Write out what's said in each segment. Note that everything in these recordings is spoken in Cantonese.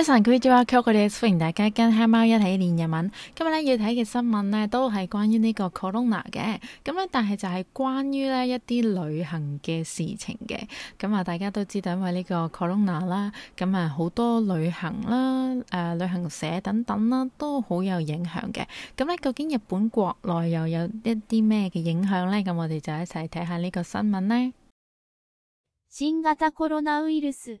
歡迎大家跟黑貓一起練日文。今日咧要睇嘅新聞呢都係關於呢個 Corona 嘅。咁咧，但係就係關於呢一啲旅行嘅事情嘅。咁啊，大家都知道，因為呢個 Corona 啦，咁啊好多旅行啦、誒、呃、旅行社等等啦，都好有影響嘅。咁咧，究竟日本國內又有一啲咩嘅影響呢？咁我哋就一齊睇下呢個新聞咧。新型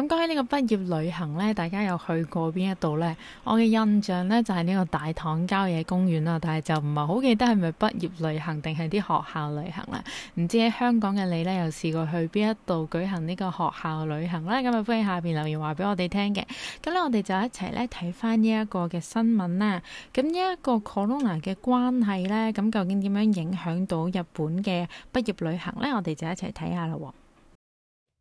咁關於呢個畢業旅行呢，大家有去過邊一度呢？我嘅印象呢，就係、是、呢個大棠郊野公園啦，但係就唔係好記得係咪畢業旅行定係啲學校旅行啦。唔知喺香港嘅你呢，又試過去邊一度舉行呢個學校旅行呢？咁、嗯、啊歡迎下邊留言話俾我哋聽嘅。咁呢，我哋就一齊呢睇翻呢一個嘅新聞啦。咁呢一個 Corona 嘅關係呢，咁究竟點樣影響到日本嘅畢業旅行呢？我哋就一齊睇下啦。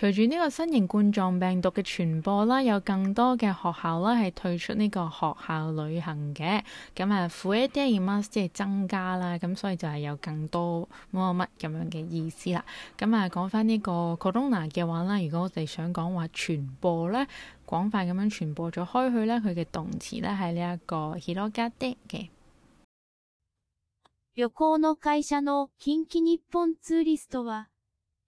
隨住呢個新型冠狀病毒嘅傳播啦，有更多嘅學校啦係退出呢個學校旅行嘅，咁啊，増えています即係增加啦，咁所以就係有更多乜乜咁樣嘅意思啦。咁啊，講翻呢個 Corona 嘅話啦，如果我哋想講話傳播咧，廣泛咁樣傳播咗開去咧，佢嘅動詞咧係呢一個広がって嘅。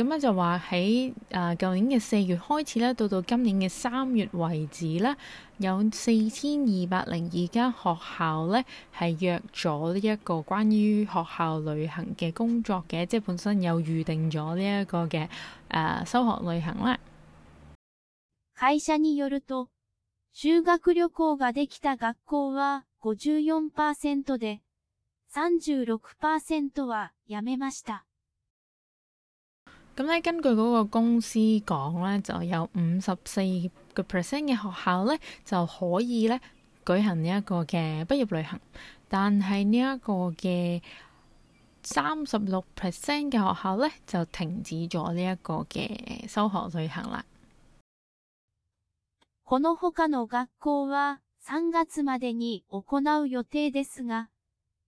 咁樣就話喺誒舊年嘅四月開始咧，到到今年嘅三月為止咧，有四千二百零二間學校咧，係約咗呢一個關於學校旅行嘅工作嘅，即係本身有預定咗呢一個嘅誒修學旅行啦。咁咧，根據嗰個公司講咧，就有五十四個 percent 嘅學校咧，就可以咧舉行呢一個嘅畢業旅行，但係呢一個嘅三十六 percent 嘅學校咧，就停止咗呢一個嘅修學旅行啦。このほかの學校は3月までに行う予定ですが。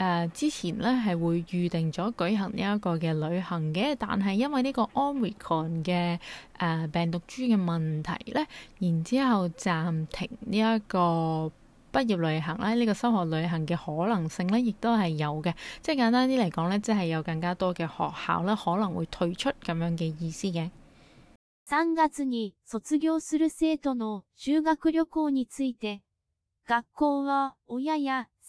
誒、呃、之前咧係會預定咗舉行呢一個嘅旅行嘅，但係因為呢個 Omicron 嘅誒、呃、病毒株嘅問題咧，然之後暫停呢一個畢業旅行啦，呢、這個修學旅行嘅可能性咧，亦都係有嘅。即係簡單啲嚟講咧，即係有更加多嘅學校咧可能會退出咁樣嘅意思嘅。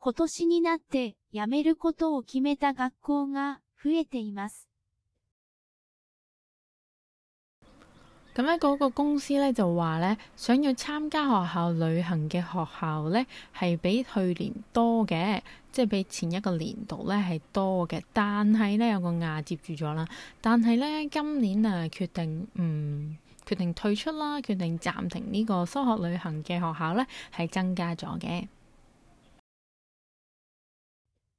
今年になってやめることを決めた學校が増えています。學，咁咧，嗰個公司咧就話咧，想要參加學校旅行嘅學校咧，係比去年多嘅，即係比前一個年度咧係多嘅。但係咧有個亞接住咗啦，但係咧今年啊決定唔、嗯、決定退出啦，決定暫停呢個修學旅行嘅學校咧係增加咗嘅。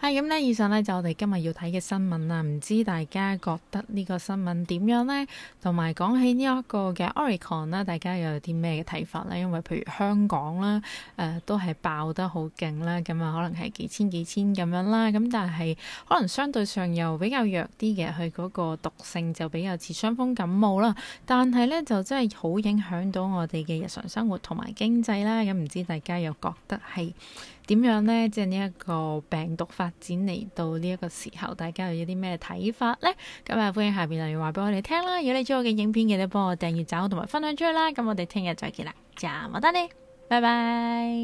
係咁咧，以上咧就我哋今日要睇嘅新聞啦。唔知大家覺得呢個新聞點樣咧？同埋講起呢一個嘅 Omicron 啦，大家又有啲咩嘅睇法咧？因為譬如香港啦，誒、呃、都係爆得好勁啦，咁啊可能係幾千幾千咁樣啦。咁但係可能相對上又比較弱啲嘅，佢嗰個毒性就比較似傷風感冒啦。但係咧就真係好影響到我哋嘅日常生活同埋經濟啦。咁、嗯、唔知大家又覺得係點樣呢？即係呢一個病毒發展嚟到呢一個時候，大家又有啲咩睇法呢？咁呀，歡迎下邊留言話俾我哋聽啦！如果你中意我嘅影片嘅，記得幫我訂閱、找同埋分享出去啦！咁我哋聽日再見啦，就我得你，拜拜。